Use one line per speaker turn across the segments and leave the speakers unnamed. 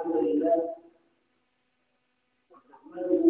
الحمد لله نحمده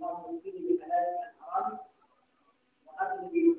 na you.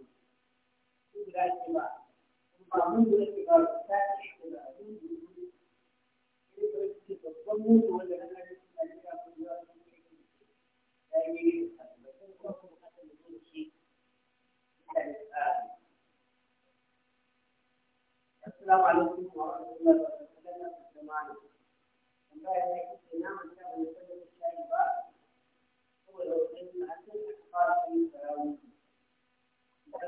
dacewa ba mun da ta da abin da yake babban mutu wanda shi da ya fi zuwa da yake da yi a ya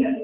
Yeah.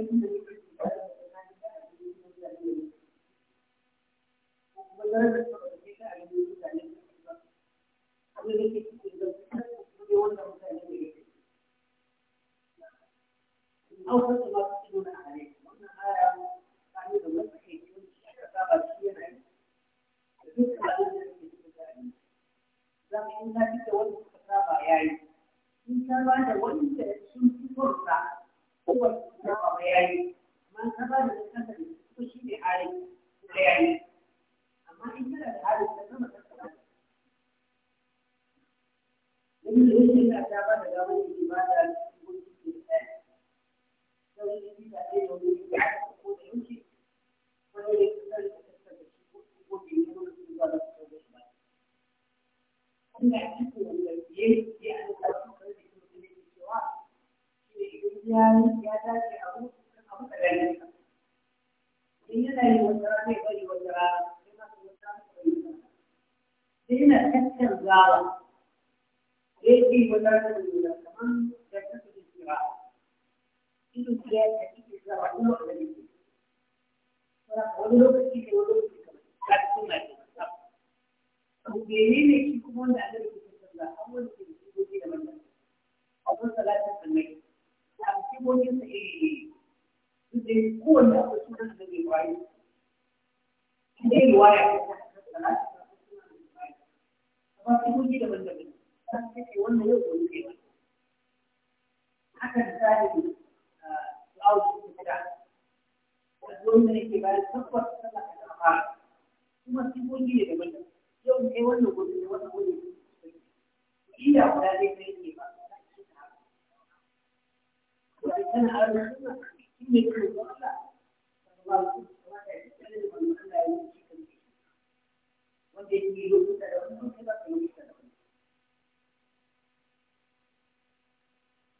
dangogi daban-daban wannan yau kai haka ah, da tsari su da ne ke bayan tabbas ta fara kuma ne yau kai wannan wannan iya guda kai ke ba wani tana suna cikin wanda yi lokuta da wani lokuta da wani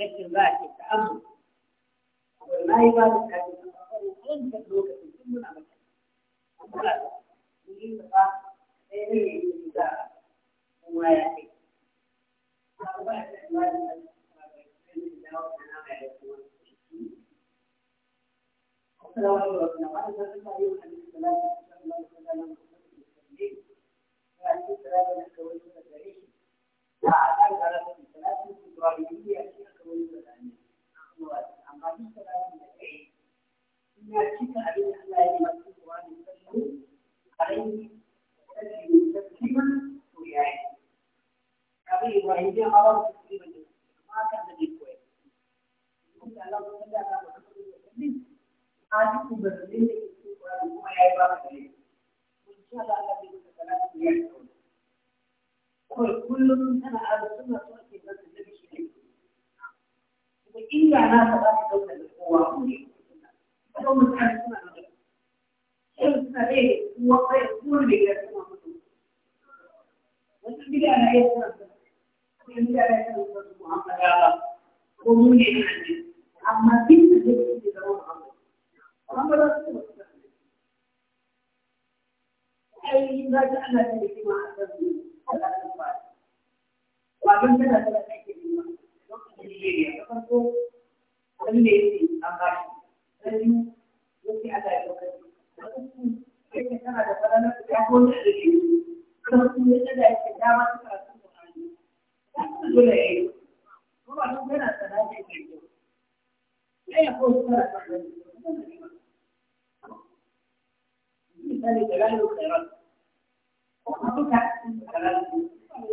Lekin ba ake ta'amu. na yi ba da kaji na wani lokacin ba ne ya yi da kuma ya ce ba da ba amfani da bayanin da kai ina cika abin da Allah ya yi masu kowa da sallu a yi kashi da kima to ya yi abin ibrahim ya hawa da su kima da amma kan da ne koyi kuma da Allah ya da kuma ya da kallin a cikin barzin da ke cikin kuma ya yi ba ka ne mun ci Allah ya yi da salatu ya yi kawai kullum tana arzuna su ake zata da inda na faɗa da ɗaukar da kowa mu ne kuma mutane suna da shin yi kuwa kai kuma da ya suna mutu wasu gida na yi suna da kuma gida na yi suna da mu'amala ko mu ne ne amma bin da zai ke zama mu'amala amma ba za su ba su ai za ta ana da hikima a kan su ba ba ban tana da a yi Nigeria ta kuma yana da da a a yi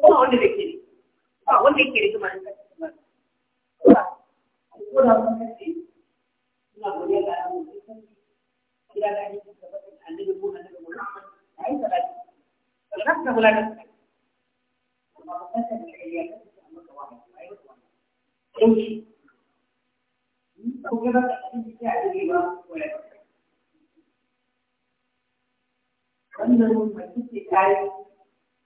kuma wanda da ke ba wanda yake rike kuma ka ko da mun ce ina godiya ga Allah mun san kira ga ni da bakin annabi ko annabi Muhammad ai salati salati ka bulaka amma ba ka da kariya ka amma ka wani ai dauki hmm? ko ga ba ka ji ta da ba ko ya wannan mun ba kike kai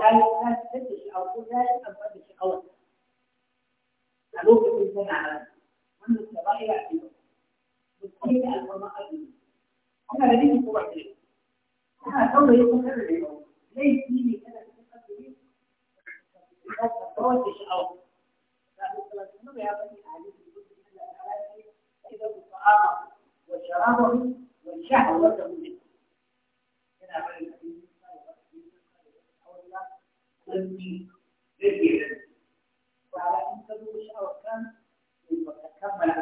يعني الناس تدش او كل ذلك قد تدش اول قالوا في الزنا على من الصباح يعتبر بالتالي المرأة أنا لديه قوة أنا دور يقول أنا اليوم ليس لي أنا تقدمي لا تتوجش أو فأنتم يا بني أهلي إذا الطعام والشراب والشهوة منه كما قال الحديث tsanci zai ke da ka zo sha'awar kan kammala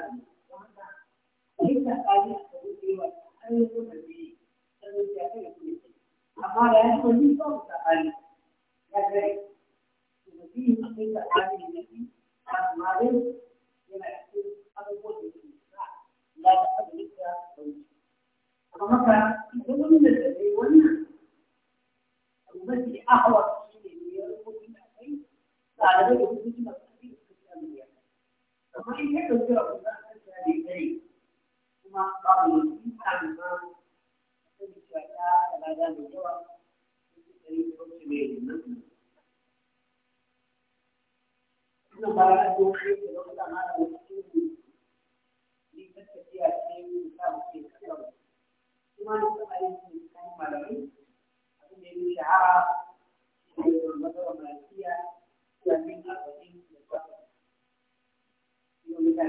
da haka wa ya ba ya kai da ya wani da zai wannan abu mafi ahawar طالبين الخصوصية والتخصيص في الأمنية. ومن هي الدكتورة في وما قالوا من حال ما Thank you. watannin arba'in da bakwai wani nawa zai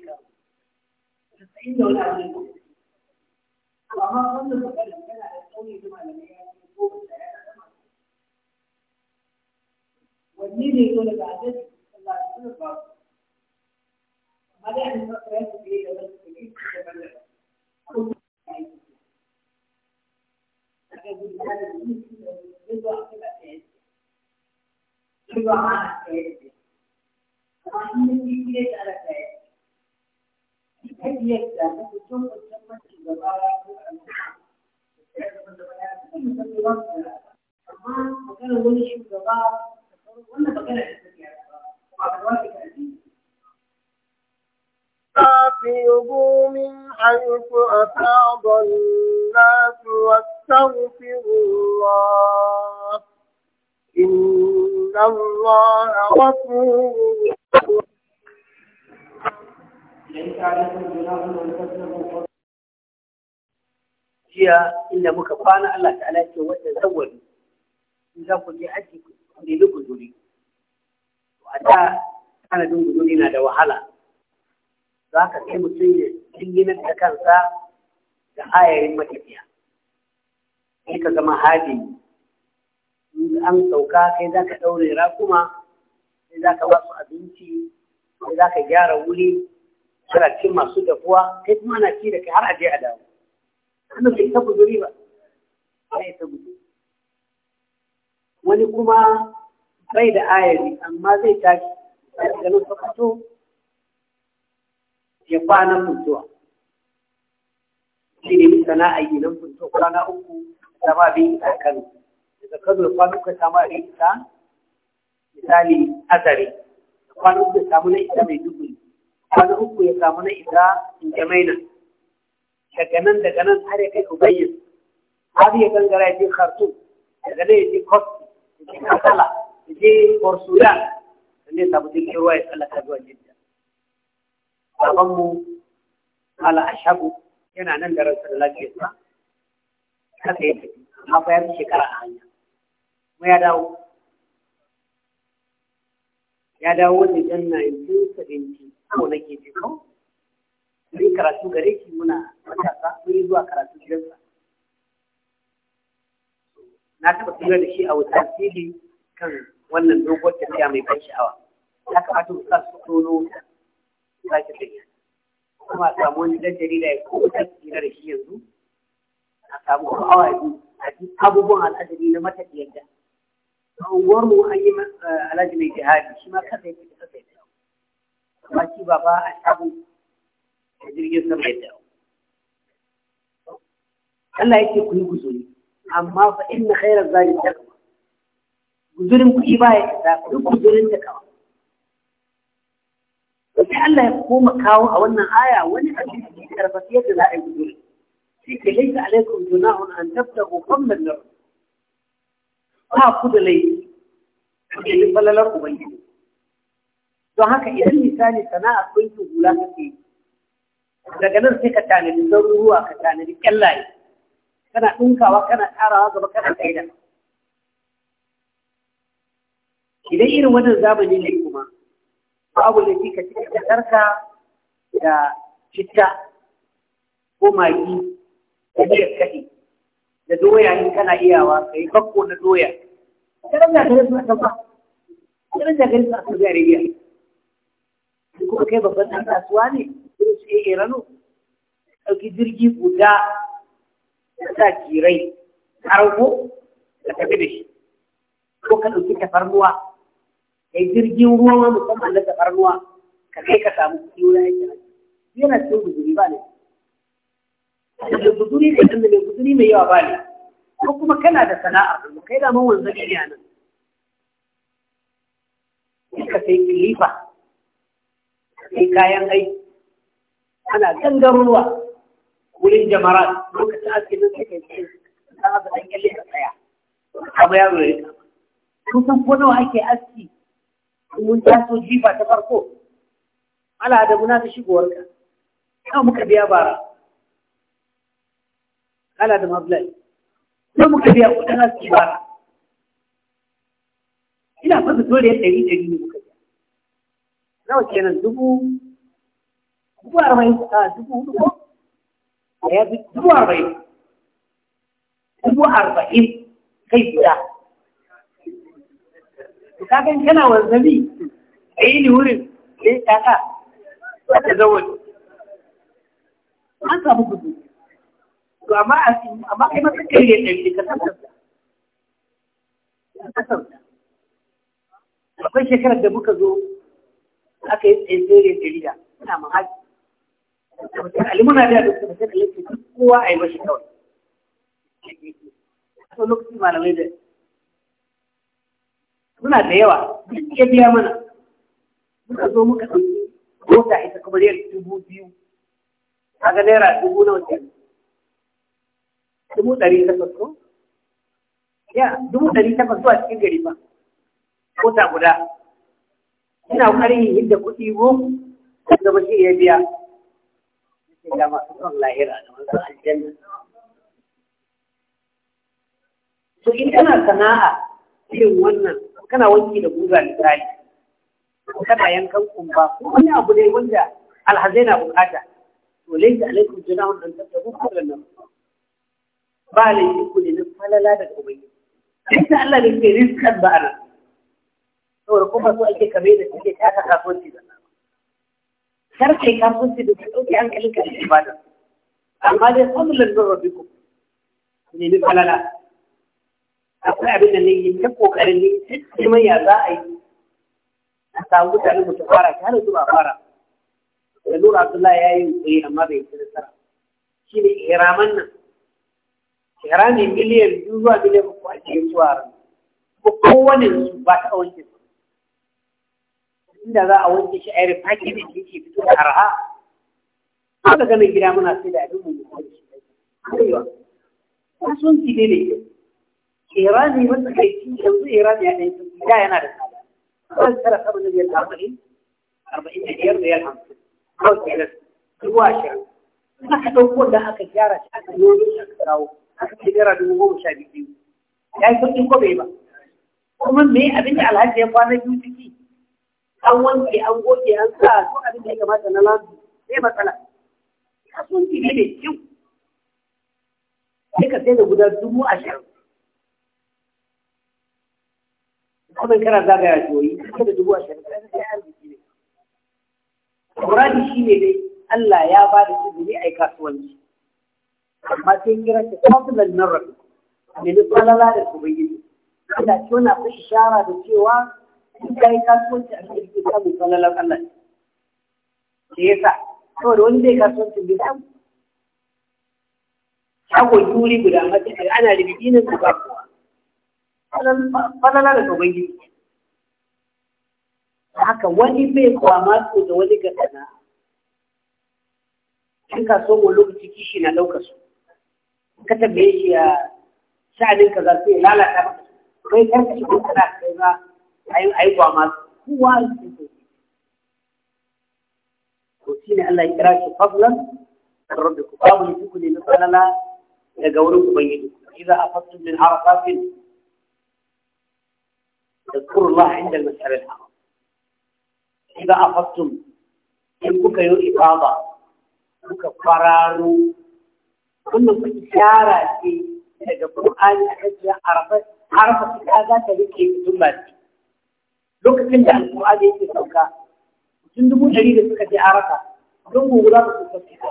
kawo? Tasa'in da wani abin amma wannan maganar yana da tsauni da malamai ya ce ko ba ta yana da malamai wanne ne zo daga annabi sallallahu alaihi wasallam amma dai an ba ya ce da wani kudi da ballar ko ta yi daga gudunar da yi su da zai zo a kula da ya ce shi ba ma a tsaye da ya ce amma in yi ne da ala tsaye kan yadda ake cin mutum shugaba ko al'umma amma magana wani shugaba wannan magana da take ba ba ba
ta من حيث أفاض الناس واستغفروا الله إن الله
غفور jiya inda muka kwana Allah ta'ala ce wata zawwali in za ku je haji ku nemi guzuri a da tanadin guzuri na da wahala za ka kai mutum ya jinginar da kansa da hayarin matafiya sai ka zama haji an sauka kai za ka ɗaure rakuma sai za ka ba su abinci sai za ka gyara wuri ana cikin masu dafuwa kai kuma ana ci da kai har aje a dawo ana bai ta guduri ba bai ta guduri wani kuma bai da ayari amma zai tashi daga nan sokoto ya kwana mutuwa shi ne sana'a yi nan funtuwa kwana uku da ba bi a kano daga kano da kwana uku samu a ita misali azare da kwana uku samu na ita mai dubu Wani uku ya samu na isa in jamaina daga nan daga nan har ya kai ubayyin har ya gangara ya je kartu daga nan ya je kosti ya je kasala ya je ya da ne samu jirgin ruwa ya tsallaka zuwa jidda babanmu ala ashabu yana nan da ransa da sa, haka ya tafi amma fa ya fi shekara a hanya kuma ya dawo ya dawo da janna 1970 ko na ke ko mun karatu gare shi muna matasa mun yi zuwa karatu gidansa na taɓa tura da shi a wutar fili kan wannan dogon tafiya mai ban sha'awa ya kamata mu sa su tono sake tafiya kuma a samu wani dan jarida ya ko wutar fili da shi yanzu a samu ko awa biyu a ji abubuwan al'adari na matafiyar da unguwarmu an yi eh, alhaji mai jihadi shi ma kansa ya fi kasa baki ba ba a shabu da jirgin sama ya dawo Allah yake ku yi guzuri amma fa inna khairar zari ta kama guzurin kuɗi ba ya isa duk guzurin ta kama sai Allah ya koma kawo a wannan aya wani abin da ke karfafa yadda za a yi guzuri shi ke laisa alaikum junahun an tabtahu fadlan lahu ba ku da laifi ku da falalar ubangiji don haka idan misali sana'a ɗinkin hula kake daga nan sai ka tanadi zaruruwa ka tanadi kyallaye kana ɗinkawa kana ƙarawa gaba kana kaida idan irin wannan zamani ne kuma babu laifi ka cika kasarka da citta ko magi da biyar kaɗi da doya in kana iyawa ka yi bakko na doya. Karan da gari su a kan ba, karan da gari su a kan zariya. kai babban ɗan kasuwa ne ko sai iya rano ɗauki jirgi guda da sa kirai kargo da tafi da shi ko ka ɗauki tafarnuwa kai jirgin ruwa ma musamman na tafarnuwa ka kai ka samu kuɗi wurin aikin hajji yana cikin guzuri ba ne da guzuri ne da mai guzuri mai yawa ba ne ko kuma kana da sana'a kai da man wanzan iya nan ka sai kilifa kai kayan aiki ana gangarowa wurin jamara lokacin aski nan suka cikin za a zaɗan kyalle ka tsaya
abu ya rure ka
kun ko nawa ake aski mun taso jifa ta farko ala da muna ta shigowar ka muka biya bara ala da mablai sai muka biya kudin aski bara ina fasa dole ya ɗari ɗari ne muka nawa kenan dubu arba'in kai guda to kana wanzami a yi ni wurin ne wata zawon an samu gudu to amma amma kai kai ne ɗari ka akwai shekarar da muka zo aka yi tsaye tsere jarida suna mamaki alimuna da duk da suka yake kowa a yi mashi kawai a lokacin malamai da muna da yawa duk ya biya mana muka zo muka ɗauki mota ita kamar yadda dubu biyu a ga naira dubu na wajen dubu ɗari takwas ko ya dubu ɗari takwas zuwa cikin gari ba mota guda ina ƙarin yadda kuɗi ko da ba shi iya biya sai ga masu son lahira da masu aljanna to in kana sana'a irin wannan kana wanki da guga misali kana yankan kumba ko wani abu ne wanda alhazai na bukata to laisa alaikum junahun an tattabu kullu nan ba laifi ku ne na falala daga ubangiji laisa Allah ne ke rizqan ba a nan. saboda kuma so ake kame da suke taka kasuwanci da kar kai kasuwanci da su ɗauke hankalin ka da ibada amma dai fadlan min rabbikum ne ni falala akwai abin da ne yi ta kokarin ne ta ya za a yi a samu mutane mutu fara ta hana zuwa fara da nura abdullahi ya yi tsaye amma bai yi nasara shi ne ihraman nan ihrami miliyan biyu zuwa miliyan uku a cikin zuwa ran kowane su ba ta awanke su inda za a wanke shi a yi rifaki da shi ke fito da arha aka gane gida muna sai da abin mu da shi sun ci ne ne kai ci yanzu irani a ɗan sun da yana da tsada kan tsara saba na biyar arba'in arba'in da biyar yar hamsin kawai kenan shirin ashirin aka ɗauko da aka gyara shi aka yi wani aka kawo aka ce gara dubu goma sha biyu ya yi kuɗin ko bai ba kuma me abin da alhaji ya kwana biyu ciki an wanke an goge an sa duk abin da ya kamata na lansu sai matsala kasuwanci ne mai kyau sai ka sai da guda dubu ashirin kuma kana zagaya joyi sai da dubu ashirin sai arziki ne muradi shi ne dai Allah ya ba da izini a yi kasuwanci amma sai kira shi fasilan nan rafi a mai duk da su bayyana ina ce wani akwai ishara da cewa in ka yi kasuwanci a cikin ke samun falalar Allah shi yasa saboda wani zai kasuwanci bai samu shagon turi guda mace ana da bikinin da ba kowa falalar da ubangiji haka wani bai kwama masu da wani ga sana'a in ka so wani lokaci kishi na ɗauka su ka tambaye shi a sha'anin ka za su lalata maka kai karka shi kuka na kai ba ai ba ma kowa yake so to ne Allah ya kira shi fadlan rabbikum babu ne kuku ne na falala daga wurin ubangiji idza afattum min arafatin اذكروا الله عند المشعر الحرام إذا أفضتم إن كوكا يو إفاضة كوكا قرارو كنا إشارة في القرآن حجة عرفت عرفت هذا تلك ثم تلك lokacin da alƙur'ani yake sauka mutum dubu ɗari da suka je araka don gobe za su sauka fita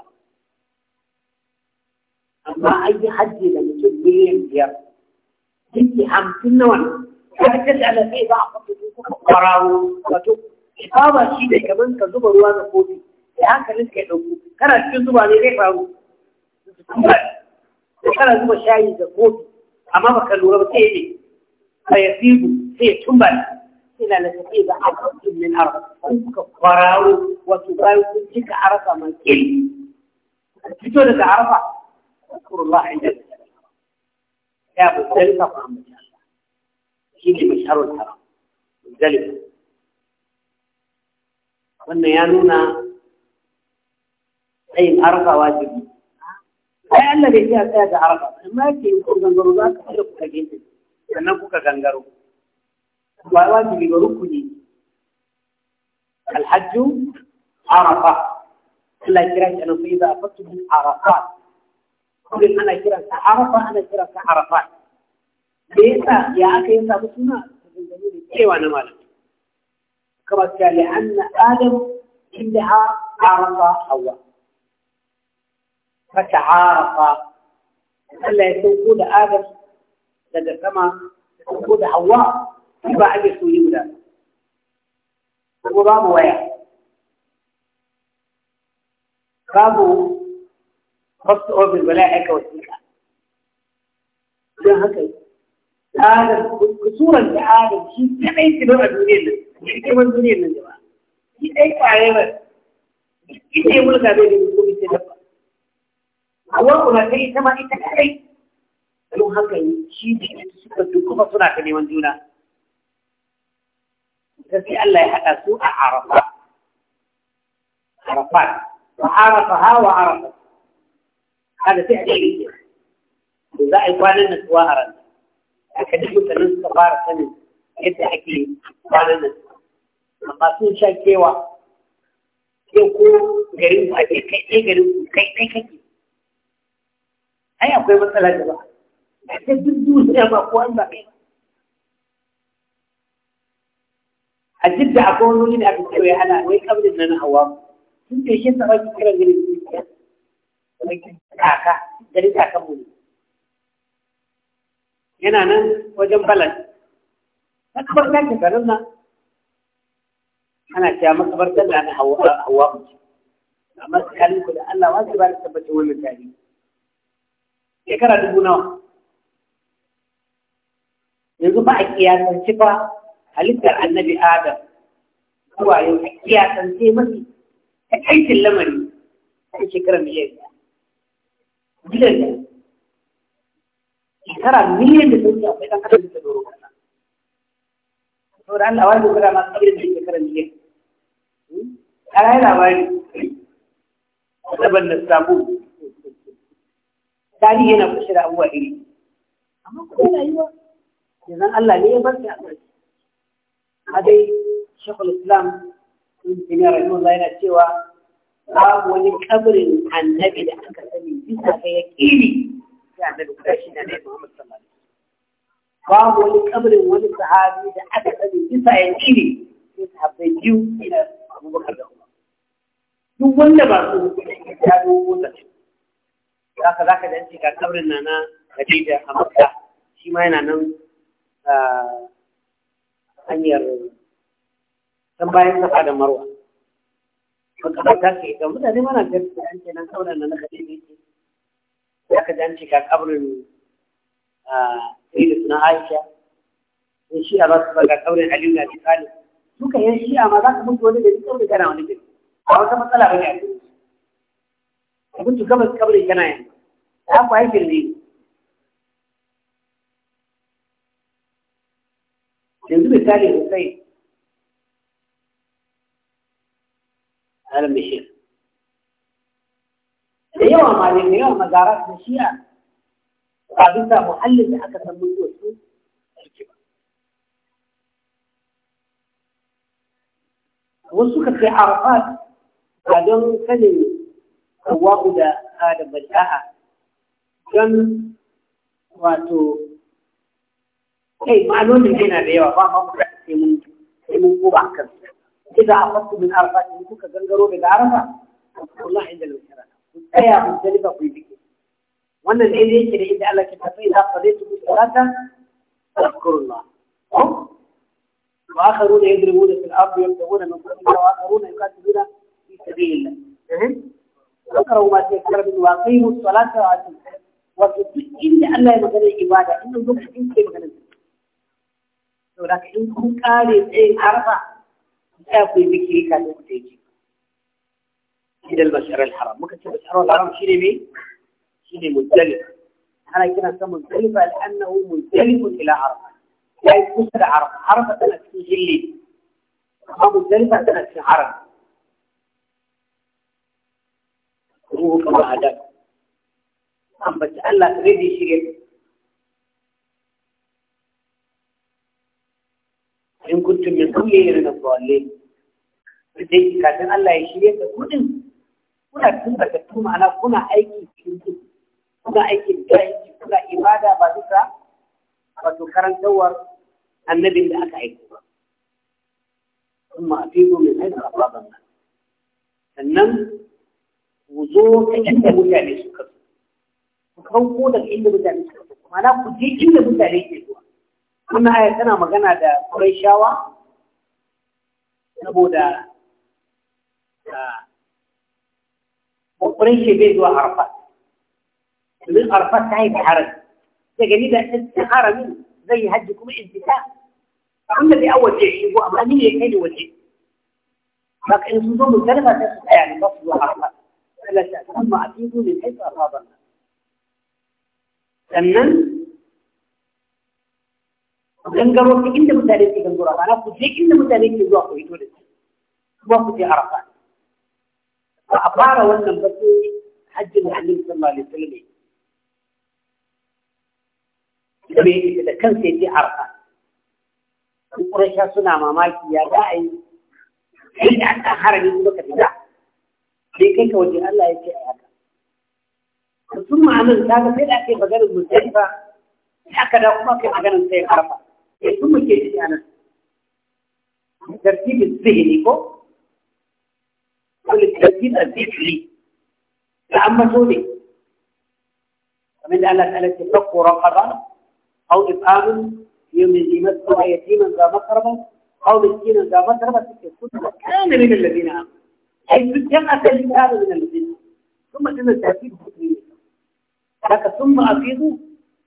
amma an yi hajji da mutum miliyan biyar yake hamsin na wani ya ala sai ba a kwafi su kuma kwararo wato ba shi ne kamar ka zuba ruwa da kofi sai hankalin ka ya ɗauko kana cikin zuba ne zai faru kana zuba shayi da kofi amma baka lura ba sai ne ka ya sai ya tumbali إلى لتحيب عرض من أرض وراو وتباو تلك عرفة من كل تجولة عرفة أذكر الله عند يا مزدلفة فهم الله شيء مشهر الحرام مزدلفة وأن يانونا أي عرفة واجب أي الذي فيها هذا عرفة ما يمكن أن ننظر ذلك أنكم كجنة أنكم كجنجرون واجب وركني الحج عرفة لا يجري أنا فإذا أفضت من عرفات قل أنا يجري عرفة أنا يجري عرفات ليس يا أخي إنسا بسنا إيوانا مالك كما قال لأن آدم إنها عرفة حواء فتعارفة ألا يتوقود آدم لدى السماء يتوقود حواء ba a ke soyi guda kuma babu waya babu post office wala aika wasiƙa don haka adam kusuran da adam shi kadai ki a duniyar nan shi kai ban duniyar nan jama'a shi dai kwaye ba ita yi mulka zai da ko ita dabba awon kuma sai ita ma ita kadai don haka shi da suka duk kuma suna ta neman juna ta sai Allah ya haɗa su a Arafat Arafat wa arafaha wa arafa kada sai a ɗaya ke za a yi kwanan nasuwa a ranar aka duk mutanen suka fara sanin yadda ake kwanan nan amma sun sha kewa sai ko garin ku ake kai ɗaya garin ku kai ɗaya kake ai akwai matsala da ba a ce duk duniya ba ko an ba kai a jidda akwai wani wuri da aka ce ya hana wai kabrin na na hawa sun ce shi sabon kiran gari zuciya kaka gari kakan mu yana nan wajen balan Na ta ke garin nan ana cewa makabar ta na hawa hawa mu amma tsakanin ku da Allah wa zai ba da tabbacin wannan tarihi shekara dubu nawa yanzu ba a kiyasance ba halittar annabi adam zuwa yau a kiyasance mafi ta aikin lamari a shekarar miliyan miliyan da shekara miliyan da sun shafi ɗan adam da doro kasa saboda Allah wani dogara masu ƙabilar da shekarar miliyan a rayu labari daban da samu tarihi yana kushe da abuwa iri amma kuma yana yi wa yanzu Allah ne ya bar ta a ƙarshe hadai shekul islam ibn rahimahullah yana cewa babu wani kabrin annabi da aka sani bisa ya kiri sai annabi guda shi ne Muhammad sallallahu alaihi wasallam babu wani kabrin wani sahabi da aka sani bisa kiri sai sahabbai biyu ina Abubakar da kuma duk wanda ba su ya dogo ta zaka zaka da ga na na Khadija a Makka shi ma yana nan ah, hanyar can bayan safa da marwa makabar ta ke ita mutane mana gaske an ce nan kaunar na kaɗai ne ke ya ka jan cika kabrin Idris na Aisha in shi a ba su baga kaurin Aliyu na Jikali duka yan shi ma za ka mutu wani gari kawai kana wani gari a wata matsala ba ne a cikin mutu gabas kabrin kana yanzu Ya ku haifin ne misali sosai alam bishir da yawa malin da yawa mazara da shi'a ba bisa muhallin da aka san mutuwa su wasu suka kai arafat don sanin hawa'u da adam bada don wato kai ma'anonin yana da yawa ba ma da sai mun sai mun goba kan idza afattu min arfa in kuka gangaro da arfa Allah inda lokara ku mun dalifa ku yi wannan ne yake da inda Allah ke tafi idza qadaytu salata fadhkurullah واخرون يضربون في الارض يبتغون من فضل الله واخرون يقاتلون في سبيل الله. اقرأوا ما تيسر من واقيموا الصلاة وآتوا وفي عند الله يمكن العبادة إنهم ذكر في كيف saboda in kun kare tsayin harfa ya ku yi zikiri kafin ku taiki inda al-bashar al-haram muka ce bashar al-haram shine me shine muzdalif ana kiran sa muzdalif al-annahu muzdalif ila arfa ya yi kusa da arfa arfa tana cikin hilli amma muzdalif tana cikin haram ruhu kama adam an bace Allah kare da shi mutum mai sauye irin da tsawalle dai kafin Allah ya shirya da kudin kuna tumbatattu ma'ana kuna aiki cikin kuna aikin aiki kuna ibada ba duka wato karantawar annabin da aka aiki ba kuma a fi min haifu a baban nan sannan ku zo ta inda mutane suka zo ku kanko daga inda mutane suka zo ma'ana ku je inda mutane ke zuwa wannan aya tana magana da kurai shawa saboda shi bai zuwa arfat domin arfat ta yi da harami daga ni da ɗan haramin zai hajji kuma in fita abinda bai awace shi ko amma ni ne kai da waje haka in sun zo mu kalma ta su tsaya ne ba su zuwa arfat Allah ta kuma a fito ne kai su a sannan gangaro ta inda mutane ke gangaro ba ku je inda mutane ke zuwa ku hito da su kuma ku je arafa ba a fara wannan ba sai hajjin da annabi sallallahu alaihi wasallam da me yake da kansa yake arafa Quraysha suna mamaki ya ga ai sai da an harami kuma ka fita sai kai ka waje Allah ya ce a haka sun ma'anar ta ga sai da ake maganar mutane ba aka da kuma kai maganar sai arafa الام كده يعني الترتيب الذهني كو الترتيب الذهني لعما سوري فمن قال لك رقبة أو إطعام يوم أو يتيما ذا مقربة أو مسكينا ذا مقربة تكون كان من الذين آمنوا حيث كم أتى من الذين ثم تم الترتيب الذهني ثم أفيدوا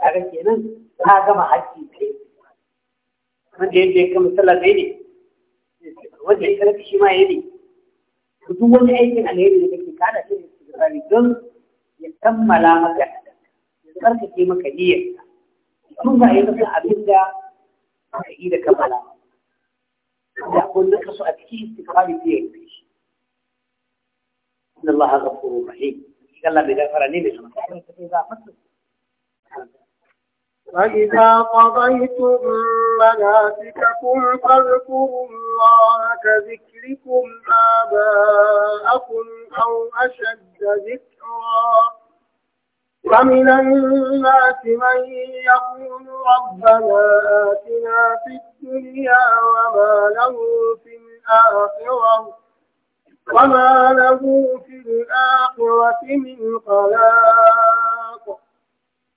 kaga kenan ka gama haƙƙi kai wanda yadda ya kama sallah zai ne wanda ya karanta shi ma ya ne duk wani aikin alheri da kake kada shi ne tsari don ya kammala maka ya tsarkake maka niyyar tun ba ya maka abin da ka yi da kammala da kun na kaso a cikin istighfari sai ya yi shi inna allaha ghafurur rahim Allah bai gafara ne da
shi ba فإذا قضيتم مناسككم فاذكروا الله كذكركم آباءكم أو أشد ذكرا ومن الناس من يقول ربنا آتنا في الدنيا وما له في الآخرة
وما
له في الآخرة من خلاق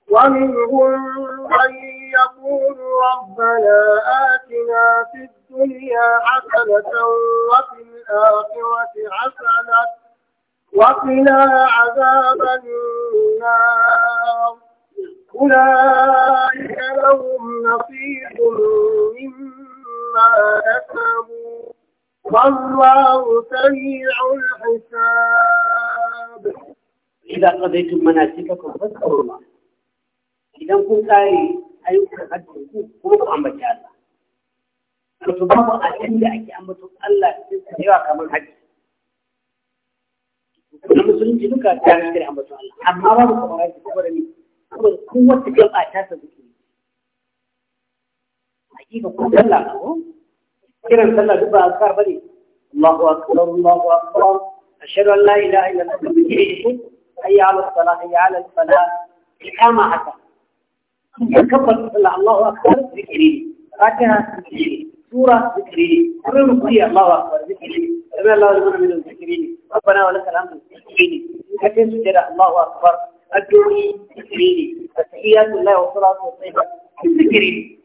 ومنهم من يقول ربنا آتنا في الدنيا حسنة وفي الآخرة حسنة وقنا عذاب النار أولئك لهم نصيب مما كسبوا
والله سريع
الحساب
إذا قضيتم مناسككم فاذكروا الله idan kun kare ayyukan hajjin ku kuma ku ambaci Allah wato babu abin da ake ambato Allah cikin sa yawa kamar hajji kuma musulunci duka ta yi kare ambato Allah amma babu kamar hajji saboda ni Kun wata jama'a ta ta zuke hakika ko sallah ko kiran sallah duk ba azkar bane Allahu akbar Allahu akbar ashhadu an la ilaha illa Allah hayya ala salah hayya ala al-falah. ikama haka يكبر الله الله أكبر ذكري فاتحة ذكري سورة ذكري كل نقري الله أكبر ذكري سمع الله لمن من ذكري ربنا ولك الحمد ذكري حتى سجد الله أكبر أدعوني ذكري التحيات لله والصلاة والطيبة ذكري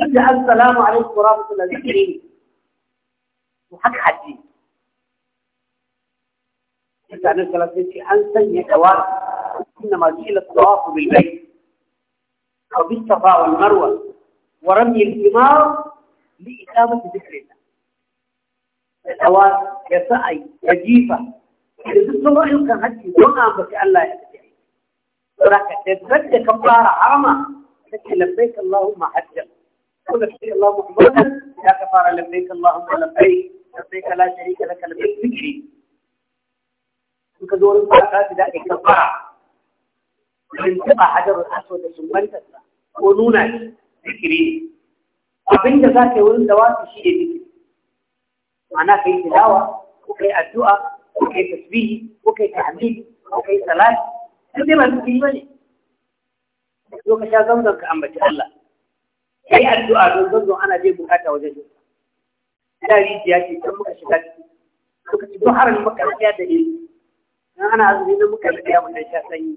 أبدأ السلام عليكم ورحمة الله ذكري وحق حجي أنت عن الثلاثين أنسا يتوارد إنما جئل الطواف بالبيت أو بالصفا والمروة ورمي الحمار لإقامة ذكر الله الأوان يسعي يجيفة إذا تسمع يمكن هدي وانا بك الله يهدي ولكن تتبدى كفار حرمة لكن لبيك اللهم حجا قل لك اللهم محمدا يا كفار لبيك اللهم لبيك لبيك لا شريك لك لبيك ذكري وكذور الصلاة ذلك كفارة don taɓa hadarin aso da sumbantarsa ko nuna shi zikiri ne abin da za ka yi wurin da wasu shi ne zikiri ma'ana ka yi tilawa ko ka yi addu'a ko ka yi tasbihi ko ka yi tahmidi ko ka yi salati duk dai ba zikiri ba ne So ka sha zamzam ka ambaci Allah ka yi addu'a don zamzam ana je bukata wajen shi da rijiya ce can muka shiga ciki ka ci duk harin muka rafiya da ne ana azumi na muka rafiya wannan sha sanyi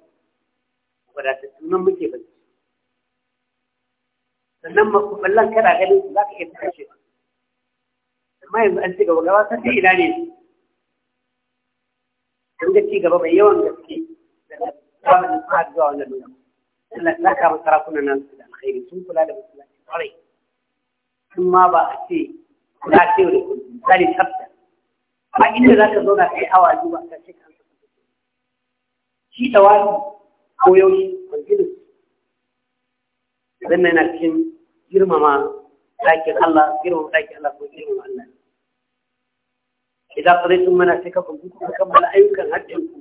wadatattu nan muke bacci sannan makuballan kana ganin su za ka iya tashi amma yanzu an ci gaba gaba san da ina ne an ga ci gaba mai yawan gaske daga zamanin sa'ad zuwa wannan lokaci Allah ya kama sarakunan nan su da alkhairi sun kula da musulunci kwarai sun ma ba a ce kula ce da kullum misali tsafta ba inda za ka zauna kai awa biyu ba ka ce ka shi tawali ko yaushe majlis wannan yana cikin girmama ɗakin Allah girmama ɗakin Allah ko girmama Allah idan kare sun mana sai kafin kuka kammala ayyukan hajjin ku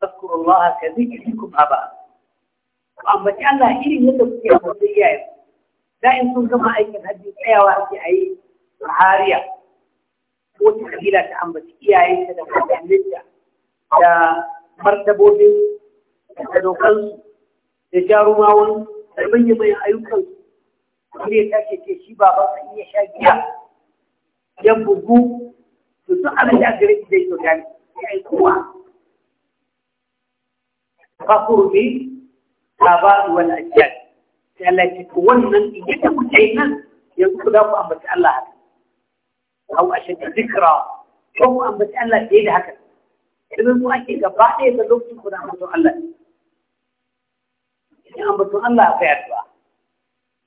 tazkuru Allah ka ba ba ambaci Allah irin yadda kuke ambaci iyaye da in sun gama aikin hajji tsayawa ake yi. hariya ko ta kabila ta ambaci iyayen ta da kakanninta da martabobin da dokansu da jarumawan da manyan mai ayyukan. wanda ya tashi ce shi baban sa sha giya ya bugu to duk abin da gare shi zai kyauta ne ya yi kowa ba kurbi ba wani ajiyar sai Allah wannan da kuke nan yanzu ku za ku ambaci Allah haka أو أشد ذكرى أو أن بتألف إيه هكذا إذا مو أكيد بعد إذا لو تكون عملت Allah? cikin ambaton Allah akwai addu'a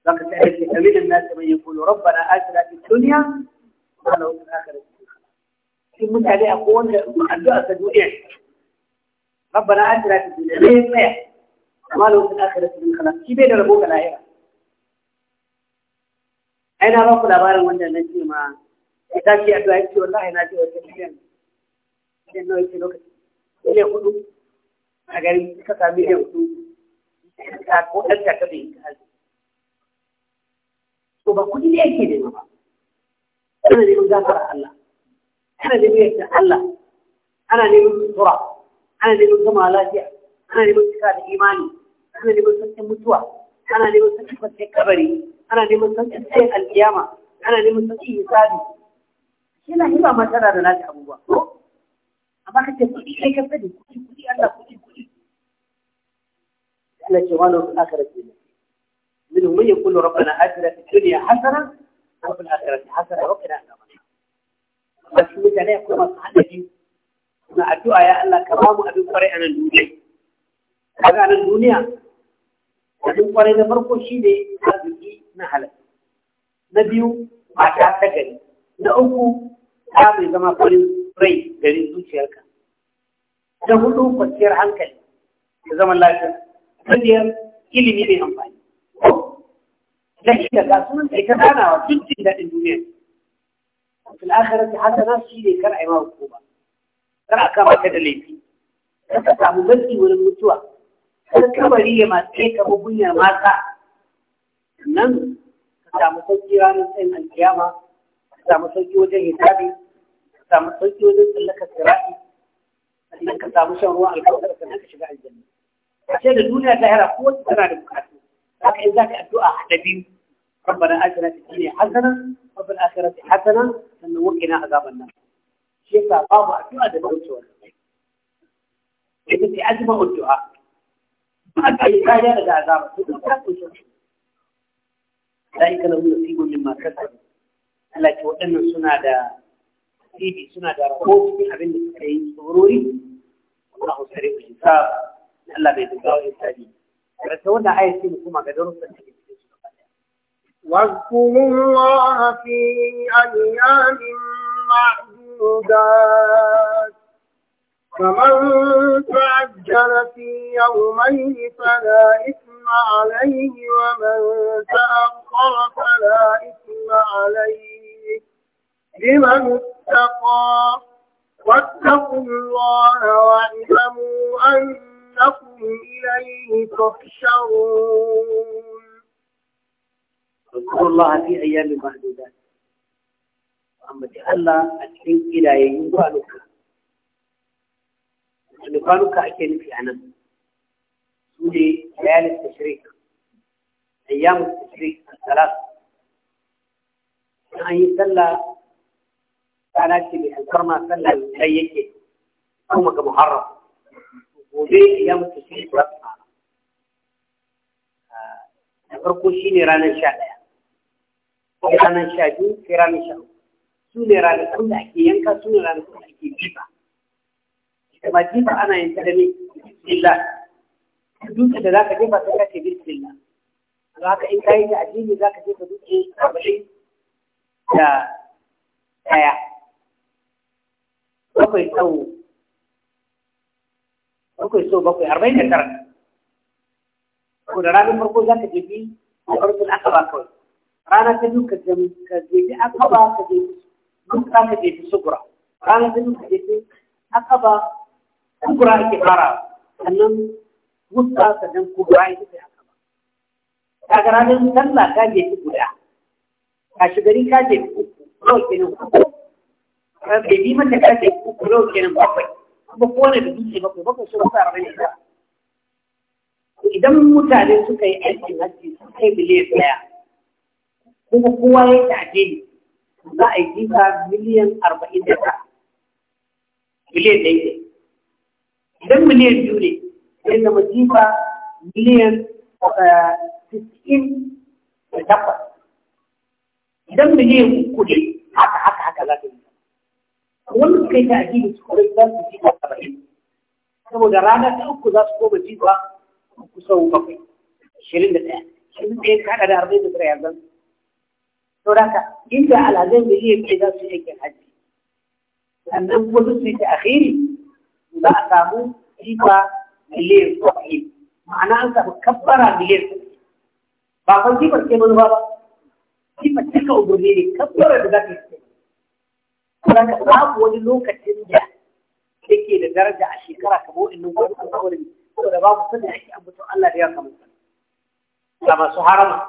zaka sai ake kalilin nasu mai yaqulu rabbana atina fid dunya wa lahu fil cikin mutane addu'a ta duniya rabbana atina fid dunya ne tsaya shi bai da rabo ga lahira
ai na ba ku labarin
wanda na ce ma ya tashi addu'a ya ce wallahi na ce wata miliyan miliyan nawa yake lokaci miliyan hudu a garin suka sami miliyan hudu ka ko ɗan ka bai yi hali to ba kuɗi ne yake nema ba ana neman gafara Allah ana neman yadda Allah ana neman sutura ana neman zama lafiya ana neman cika da imani ana neman sarkin mutuwa ana neman sarkin kwanciyar kabari ana neman sarkin tsayin alkiyama ana neman sarkin hisabi shi na hiba ma tana da nata abubuwa amma ka ce kuɗi kai ka sani kuɗi kuɗi Allah kuɗi kuɗi Allah ce wa lahu akhirati min hum yaqulu rabbana atina fid dunya hasana wa fil akhirati hasana wa qina adhaban nar wasu mutane akwai masu haɗari na addu'a ya Allah ka bamu abin kwarai a nan duniya kaga a abin kwarai na farko shine arziki na halal na biyu mata ta gari na uku ta mai zama farin rai garin zuciyarka na hudu kwanciyar hankali da zaman lafiya na biyar ilimi ne amfani na shida ga sunan kai ta ganawa duk cin daɗin duniya fil akhirati hasana shi ne kar a yi ma hukuma kar a kama ta da laifi kar ka samu matsi wurin mutuwa kar ka bari ya masu kai ka bugunya mata nan ka samu sauki ranar tsayin alkiyama ka samu sauki wajen hisabi ka samu sauki wajen tsallakar sira'i sannan ka samu shan ruwan alkawar da ka shiga aljanna عشان الدنيا ظاهرة قوة تبع مكاتب لكن ذاك الدعاء حدبي ربنا آتنا في الدنيا حسنا وفي الآخرة حسنا أن وقنا عذاب النار شيخ بابا الدعاء ده بقول سؤال إذا في أزمة الدعاء ما أدعي حاجة ده عذاب ذلك لهم نصيب مما كسبوا Allah ce waɗannan suna da sidi suna da rahoto abin da suka yi tsorori Allah sare ku hisab Allah bai duka wa insani karshe wannan ayat ce kuma ga darussan da ke cikin su واذكروا الله في أيام
معدودات فمن تعجل في يومين فلا إثم عليه ومن تأخر فلا إثم عليه لمن اتقى واتقوا الله واعلموا أن
أنكم إليه تحشرون اذكروا الله في أيام معدودات أما تألا أتحين إلى ينبالك ينبالك أكين في عنام سوري ليالي التشريك أيام التشريك الثلاث أن يعني يسلى تعالى كي الكرمة سلى ليكي كما محرم gobe ya mutu shi ah, na farko shi ne ranar sha ɗaya sai ranar sha biyu sai ranar sha uku su ne ranar sun da ake yanka su ne sun da ake jifa ita ma jifa ana yin ta da ne da za ka jefa sai ka ce bismillah don haka in ka yi ta za ka jefa dutse arba'in da ɗaya bakwai tsawo bakwai so bakwai arba'in da tara ko da ranar farko za ka jefi a farkon ba kawai rana ta biyu ka jefi ba ka jefi duk za ka jefi sugura rana ta biyu ka jefi akaba sugura ake fara sannan musa sannan kubra ita ce ba. ta ga ranar sallah ka jefi guda ka gari ka jefi uku nawa kenan uku ka jefi mata ka jefi uku nawa kenan bakwai kuma kone da dutse bakwai bakwai su rasa rai da idan mutane suka yi aiki hajji sun kai miliyan ɗaya kuma kowa ya taje ne za a yi jifa miliyan arba'in da ta miliyan ɗaya ne idan miliyan biyu ne sai zama jifa miliyan eh, tisa'in da takwas idan miliyan uku ne haka haka haka za ta yi wanda suka yi ta addini su kawai za su ji saba'in saboda rana ta uku za su koma jiwa uku sau bakwai ashirin da ɗaya ashirin da ɗaya ta da arba'in da tara yanzu saboda inda da iya ɗaya za su yi aikin hajji sannan wasu su yi ta akhiri za a samu jiwa miliyan bakwai ma'ana an samu kabbara miliyan bakwai ba kwan jifar ce manufa ba jifar cika umarni ne kabbara da za ta yi Saboda babu wani lokacin da yake da daraja a shekara kamar wa'annan wani alƙawarin saboda babu sanda ake an ambaton Allah da ya kamar Ga masu harama,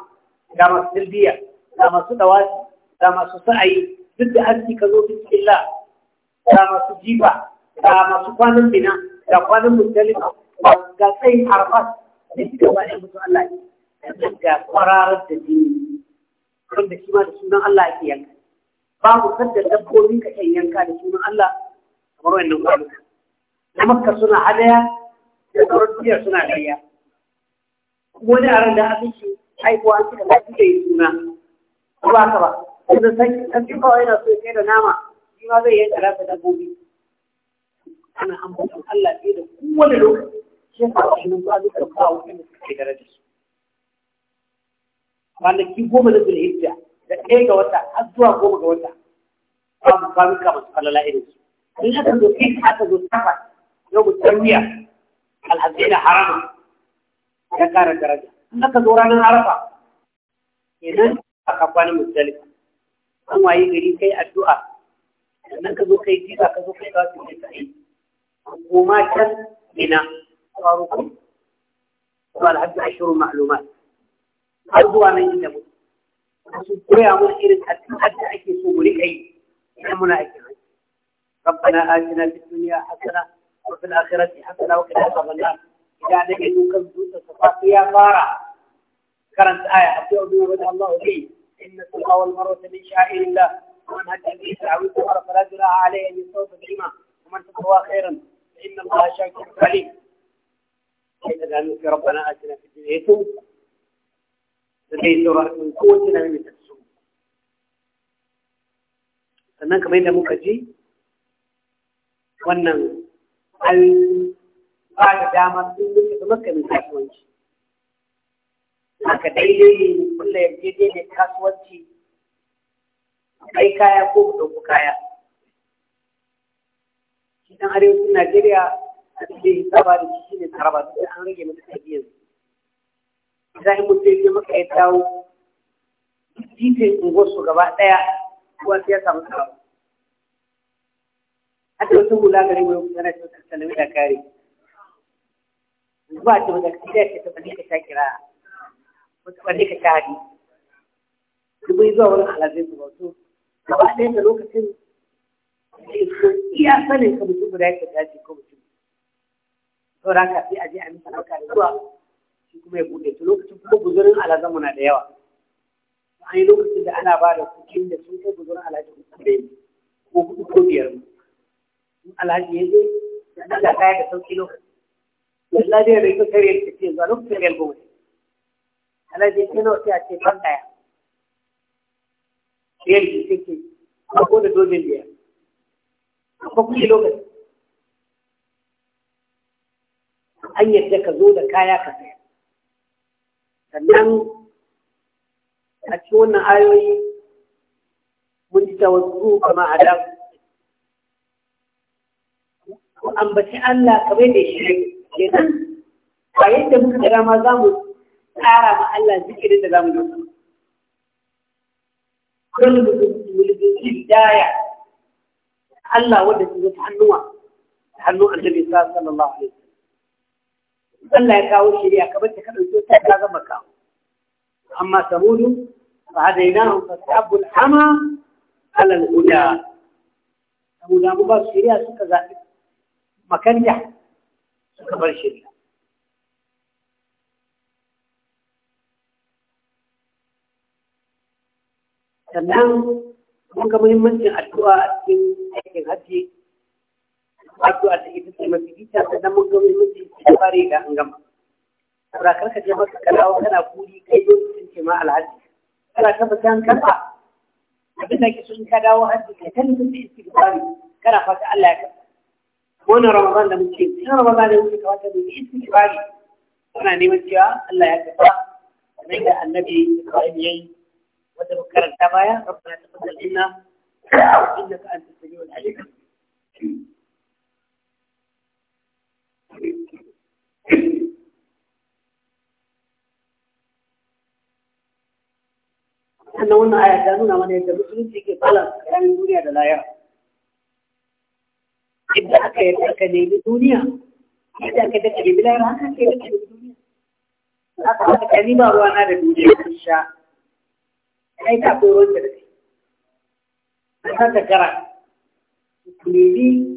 ga masu tilbiya, ga masu dawasi, ga masu sa'ayi, duk da aski ka zo bismillah, ga masu jifa, ga masu kwanan bina, ga kwanan mustalima, ga tsayin arfas, da shi gaba ɗaya mutum Allah ne. Ga kwararar da jini, wanda shi ma da sunan Allah ake yanka. babu da dabbobin ka kan yanka da sunan Allah kamar wannan kwanuka na makka suna hadaya da tsoron suna karya wani a ran da aka ce haihuwa suka tafi da yi suna ko ba ka ba wanda sai kawai yana so kai da nama shi ma zai yanka rasa dabbobi ana ambatan Allah fiye da kowane lokaci shi yasa a shi ba duka ba da suka kai Ba su ki goma na zulhijja da ɗaya ga wata har zuwa goma ga wata ba mu kawo ka masu falala irin su in aka zo kai aka zo takwas yau mu tarwiya alhazai da haramun ya ƙara daraja in aka zo ranar arafa kenan a kafanin musdalifa an waye gari kai addu'a sannan ka zo kai jiza ka zo kai za su yi sa'i goma can ina tsaro ku ba alhaji ashirin ma'lumat har zuwa nan inda mutum su koya mana irin addu'ar da ake so mu rika yi idan muna aikin rai rabbana atina fid dunya hasana wa fil akhirati hasana wa qina adhaban idan da ke dukan dutsen safa ya fara karanta aya abdu bi wa Allah bi inna safa wal marwa min sha'irillah ومن هدى به تعويض فلا جناح عليه ان يصوب بهما ومن تقوى خيرا فان الله شاكر عليم. إذا ربنا اتنا في الدنيا da zai saura ko wacce na mai tatsu sannan kamar yadda muka ji wannan an ba da dama sun mutu da makamin kasuwanci haka daidai ne kulla yarjejeniyar kasuwanci kai kaya ko mu ɗauki kaya shi ɗan arewacin najeriya a cikin hisaba da shi ne taraba duk an rage mata tarbiyyar zai mutu ya maka ya dawo titin unguwarsu gaba ɗaya kuwa sai ya samu hata wasu hula gari mai yana ce wata salami da kare zuwa ce wata kare ce ta bane ka sha kira wata bane ka sha hadi dubu zuwa wani halazai su bautu gaba ɗaya da lokacin iya sanin ka mutum guda ya ta dace ko mutum saura ka sai a je a misa alƙa da zuwa lokacin kuma ya bude su lokacin kuma guzurin alhaji muna da yawa an yi lokacin da ana ba da kuɗin da sun kai guzurin alhaji uku da ko huɗu ko biyar in alhaji ya je da ɗan da kaya da sauƙi lokacin yalla dai rai kuka kare da ke zuwa lokacin rayar goma alhaji ya ce nawa sai a ce ban ɗaya rayar ki ce ce ko da dozin biyar ko kuɗi lokacin an yadda ka zo da kaya ka saya sannan a cikin wannan ayoyi mun ji tawassu kama adam ku ambaci Allah kame da shi kenan a yadda muka ga ma za mu tsara ma Allah zikirin da za mu yi kullum mulkin daya Allah wanda su zo ta hannuwa ta hannun annabi sallallahu alaihi wasallam Allah ya kawo shirya kamar ta ka so ta ga makawo amma sabudu fa hadainahum hama ala huda samuda mu ba shirya suka zabi makanja suka bar shirya sannan kuma muhimmancin addu'a a cikin aikin hajji addu'a da ita ce mafi bita sannan mun ga miji da fare da an gama saboda kar ka je maka kalawa kana kuri kai don sun ce ma alhaji kana tabbata an karba abin da ke so in ka dawo hajji kai kan mutum istighfari kana fata Allah ya karba wannan ramadan da muke cikin ramadan da muke kawata da istighfari kana neman cewa Allah ya karba kamar da annabi Ibrahim yayi wanda Wata karanta baya rabbana taqabbal minna innaka antas samiul alim sannan wannan aya ta nuna mana yadda musulunci ke balan tsakanin duniya da layar yadda aka yi aka nemi duniya yadda aka daga nemi layar haka ke daga nemi duniya aka haka kari ba ruwa na da duniya ta sha kai ta koyo da kai ta ta gara ku nemi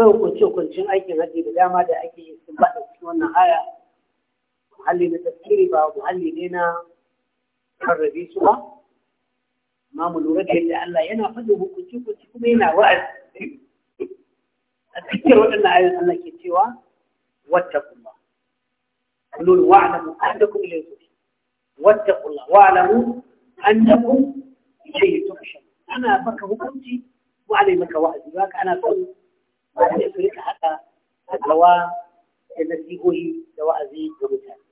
akwai hukunce-hukuncin aikin haji da dama da ake yi sun faɗa cikin wannan aya muhalli na tafsiri ba muhalli ne na karrabi su ba amma mu lura da yadda Allah yana faɗin hukunci hukunci kuma yana wa'azi
a cikin waɗannan ayoyin
Allah ke cewa "Wata واتقوا الله Wata kula! أنكم إليه تحشرون واتقوا الله واعلموا yi إليه ana baka hukunci هكمتي maka wa'azi ba ka ana كنت malamai su rika haɗa fatawa da nasihohi da wa'azi ga mutane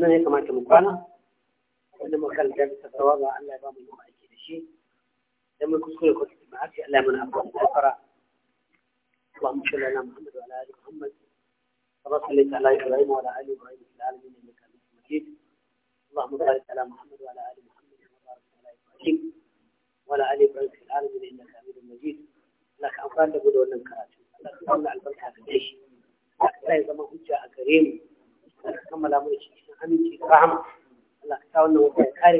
nan ya kamata mu kwana wanda makaranta bisa tsawa ba Allah ya ba mu yi aiki da shi dan mu kuskure ko tsibi Allah ya mana abuwa da fara اللهم صل على محمد وعلى ال محمد كما صليت على ابراهيم وعلى ال ابراهيم في العالمين انك حميد مجيد اللهم بارك على محمد وعلى ال محمد كما باركت على ابراهيم وعلى ال ابراهيم في العالمين انك حميد مجيد لك da wannan ka kammala albarka kare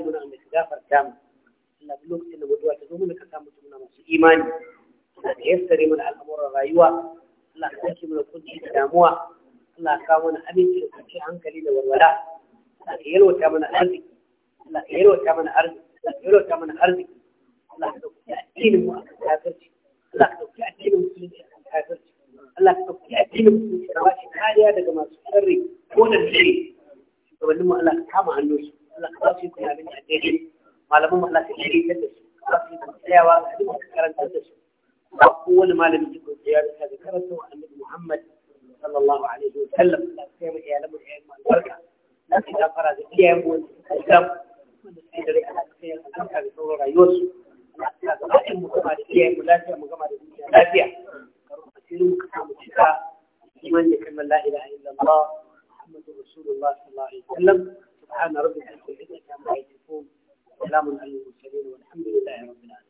lokacin da mutuwa masu imani suna da yassare mana al'amuran rayuwa Allah ka sake mana kunci da damuwa Allah ka kawo mana aminci da kunci hankali da walwala Allah ka yalwata mana arziki Allah ka yalwata mana arziki Allah ka yalwata mana arziki Allah ka dauki addinin mu a kan kafirci Allah ka dauki addinin musulunci a kan kafirci Allah ka dauki addinin musulunci ka ba shi kariya daga masu sharri ko da shiri shugabannin mu Allah ka kama su. Allah ka ba su yi kula da addini malaman mu Allah ka shirye da su ka ba su yi tsayawa ka karanta da su أول ما لم يجب الزيادة ذكرته أن محمد صلى الله عليه وسلم لا سيما يا لم يعلم والبركة لكن إذا قرأ ذكيهم والكتاب لا إله إلا الله محمد رسول الله صلى الله عليه وسلم سبحان ربك رب العزة عما يصفون سلام على المرسلين والحمد
لله رب العالمين